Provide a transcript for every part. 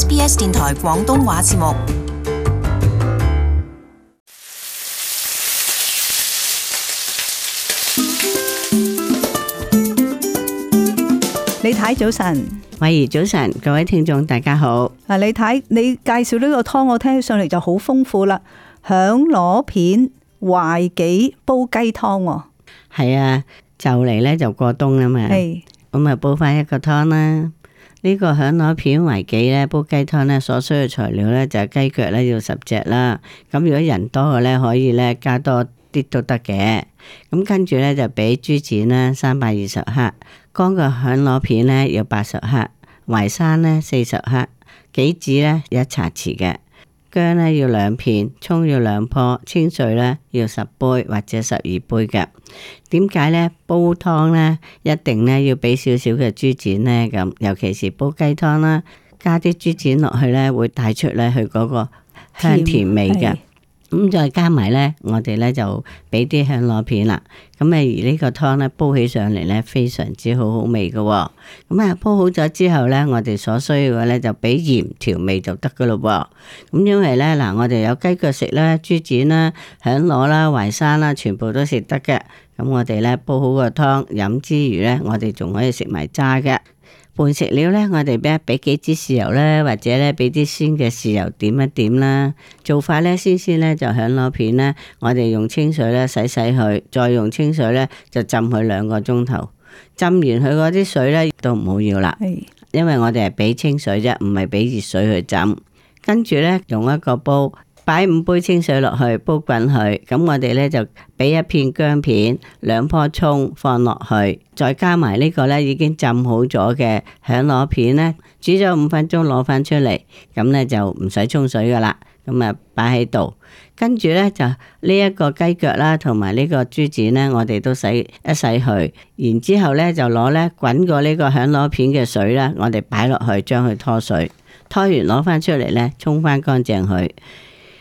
SBS 電台廣東話節目。李太早晨。喂早晨，各位聽眾大家好。啊，李太，你介紹呢個湯，我聽起上嚟就好豐富啦。響螺片懷杞煲雞湯，係啊，就嚟咧就過冬啦嘛。係，我咪煲翻一個湯啦。呢個響螺片為己呢煲雞湯呢，所需嘅材料呢，就係雞腳呢要十隻啦，咁如果人多嘅呢，可以呢加多啲都得嘅，咁跟住呢，就俾豬展呢三百二十克，乾嘅響螺片呢要八十克，淮山呢四十克，杞子呢一茶匙嘅。薑咧要兩片，蔥要兩棵，清水咧要十杯或者十二杯㗎。點解咧？煲湯咧一定咧要俾少少嘅豬展咧咁，尤其是煲雞湯啦，加啲豬展落去咧，會帶出咧佢嗰個香甜味㗎。咁再加埋呢，我哋呢就俾啲香螺片啦。咁啊，而呢個湯咧煲起上嚟呢，非常之好好味噶。咁啊，煲好咗之後呢，我哋所需要嘅呢，就俾鹽調味就得噶咯。咁因為呢，嗱，我哋有雞腳食啦、豬展啦、香螺啦、淮山啦，全部都食得嘅。咁、嗯、我哋呢，煲好個湯飲之餘呢，我哋仲可以食埋渣嘅。拌食料呢，我哋俾俾幾支豉油呢，或者呢俾啲鮮嘅豉油點一點啦。做法呢，先先呢，就響螺片呢。我哋用清水呢洗洗佢，再用清水呢就浸佢兩個鐘頭。浸完佢嗰啲水呢，都唔好要啦，因為我哋係俾清水啫，唔係俾熱水去浸。跟住呢，用一個煲。擺五杯清水落去煲滾佢，咁我哋呢就俾一片薑片、兩棵蔥放落去，再加埋呢個咧已經浸好咗嘅響螺片呢，煮咗五分鐘攞翻出嚟，咁呢就唔使沖水噶啦，咁啊擺喺度，跟住呢就呢一個雞腳啦，同埋呢個豬展呢，我哋都洗一洗佢。然之後咧就攞咧滾過呢個響螺片嘅水呢，我哋擺落去將佢拖水，拖完攞翻出嚟呢，沖翻乾淨佢。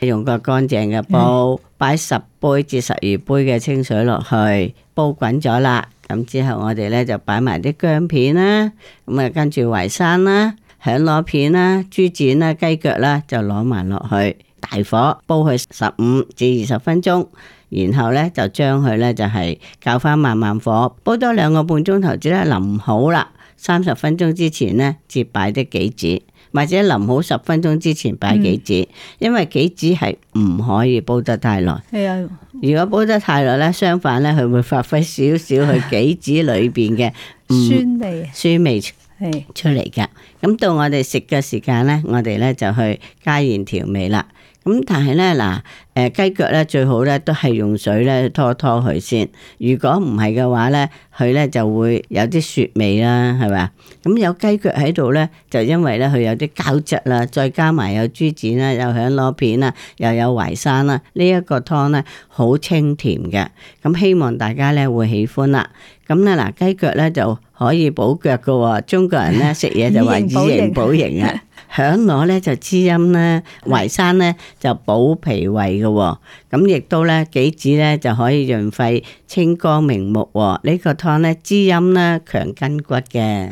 用個乾淨嘅煲，擺十杯至十二杯嘅清水落去，煲滾咗啦。咁之後我哋咧就擺埋啲薑片啦，咁啊跟住淮山啦、響螺片啦、豬展啦、雞腳啦，腳就攞埋落去，大火煲佢十五至二十分鐘，然後咧就將佢咧就係教翻慢慢火，煲多兩個半鐘頭至咧，腍好啦，三十分鐘之前咧至擺啲杞子。或者淋好十分鐘之前擺杞子，嗯、因為杞子係唔可以煲得太耐。係啊，如果煲得太耐咧，相反咧，佢會發揮少少去杞子裏邊嘅 酸味、酸味出嚟㗎。咁係啊，到我哋食嘅時間咧，我哋咧就去加鹽調味啦。咁但係咧嗱，誒雞腳咧最好咧都係用水咧拖拖佢先。如果唔係嘅話咧，佢咧就會有啲雪味啦，係咪啊？咁有雞腳喺度咧，就因為咧佢有啲膠質啦，再加埋有豬展啦，又響螺片啦，又有淮山啦，呢一個湯咧好清甜嘅。咁希望大家咧會喜歡啦。咁咧嗱，雞腳咧就可以補腳嘅喎。中國人咧食嘢就話以 形補形啊。 響螺咧就滋陰啦，淮山咧就補脾胃嘅，哦，咁亦都咧杞子咧就可以潤肺清肝明目，哦。呢、呢個湯咧滋陰啦，強筋骨嘅。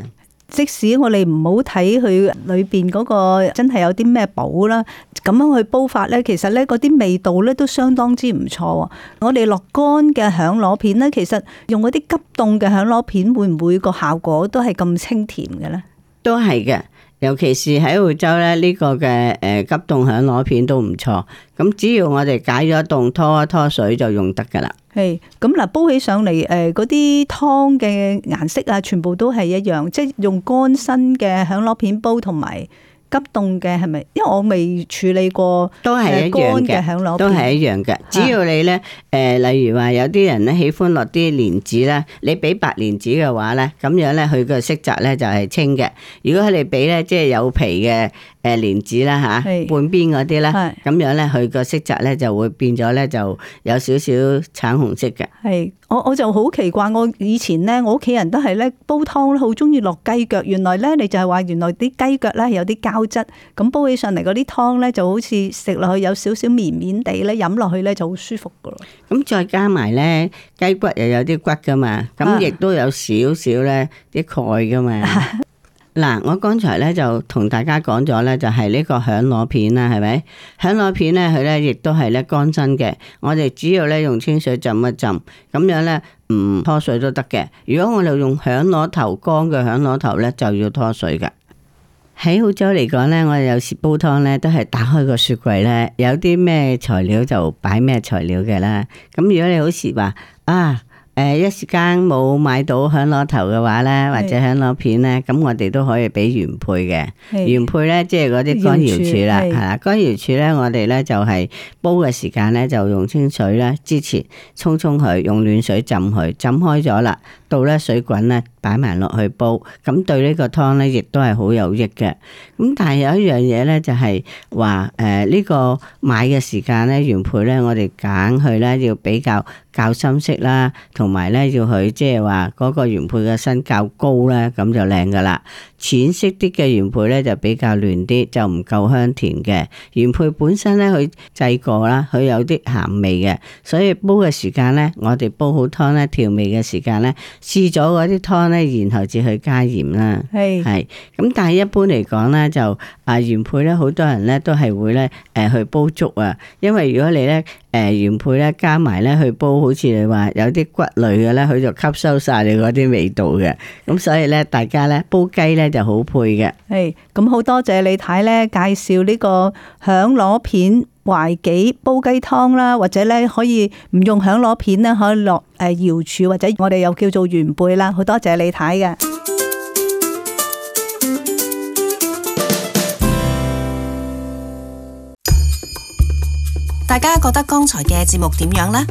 即使我哋唔好睇佢裏邊嗰個真係有啲咩補啦，咁樣去煲法咧，其實咧嗰啲味道咧都相當之唔錯。我哋落乾嘅響螺片咧，其實用嗰啲急凍嘅響螺片會唔會個效果都係咁清甜嘅咧？都係嘅，尤其是喺澳洲咧，呢個嘅誒急凍響螺片都唔錯。咁只要我哋解咗凍，拖一拖水就用得㗎喇。係咁嗱，煲起上嚟誒，嗰啲湯嘅顏色啊，全部都係一樣，即係用乾身嘅響螺片煲同埋急凍嘅係咪？因為我未處理過，都係一樣嘅，的都係一樣嘅。啊、只要你咧，誒、呃，例如話有啲人咧喜歡落啲蓮子咧，你俾白蓮子嘅話咧，咁樣咧，佢個色澤咧就係清嘅。如果佢哋俾咧，即係有皮嘅誒蓮子啦吓，啊、是半邊嗰啲咧，咁是樣咧，佢個色澤咧就會變咗咧，就有少少橙紅色嘅。是我我就好奇怪，我以前咧，我屋企人都係咧煲湯咧，好中意落雞腳。原來咧，你就係話原來啲雞腳咧有啲膠質，咁煲起上嚟嗰啲湯咧就好似食落去有少少綿綿地咧，飲落去咧就好舒服噶咯。咁、嗯、再加埋咧雞骨又有啲骨噶嘛，咁亦都有少少咧啲鈣噶嘛。 嗱，我剛才咧就同大家講咗咧，就係、是、呢個響螺片啦，係咪？響螺片咧，佢咧亦都係咧乾身嘅。我哋主要咧用清水浸一浸，咁樣咧唔、嗯、拖水都得嘅。如果我哋用響螺頭乾嘅響螺頭咧，就要拖水㗎。喺澳洲嚟講咧，我哋有時煲湯咧都係打開個雪櫃咧，有啲咩材料就擺咩材料嘅啦。咁如果你好似話啊～誒，一時間冇買到響螺頭嘅話咧，是或者響螺片咧，咁我哋都可以俾原配嘅是原配咧，即係嗰啲乾瑤柱啦，係啦，乾瑤柱咧，我哋咧就係煲嘅時間咧，就用清水咧之前沖沖佢，用暖水浸佢，浸開咗啦。到咧水滾咧，擺埋落去煲，咁對呢個湯咧，亦都係好有益嘅。咁但係有一樣嘢咧，就係話誒呢個買嘅時間咧，原配咧，我哋揀佢咧要比較較深色啦，同埋咧要佢即係話嗰個原配嘅身較高咧，咁就靚㗎喇。淺色啲嘅原配咧，就比較嫩啲，就唔夠香甜嘅。原配本身咧，佢製過啦，佢有啲鹹味嘅，所以煲嘅時間咧，我哋煲好湯咧，調味嘅時間咧。試咗嗰啲湯咧，然後至去加鹽啦。係是，係咁。但係一般嚟講咧，就啊原配咧，好多人咧都係會咧，誒去煲粥啊。因為如果你咧，誒原配咧加埋咧去煲，好似你話有啲骨類嘅咧，佢就吸收晒你嗰啲味道嘅。咁是所以咧，大家咧煲雞咧就好配嘅。係，咁好多謝你睇咧介紹呢個響螺片。淮杞煲雞湯啦，或者咧可以唔用響螺片咧，可以落誒瑤柱或者我哋又叫做元貝啦。好多謝你睇嘅。大家覺得剛才嘅節目點樣呢？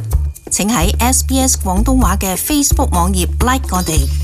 請喺 SBS 廣東話嘅 Facebook 網頁 like 我哋。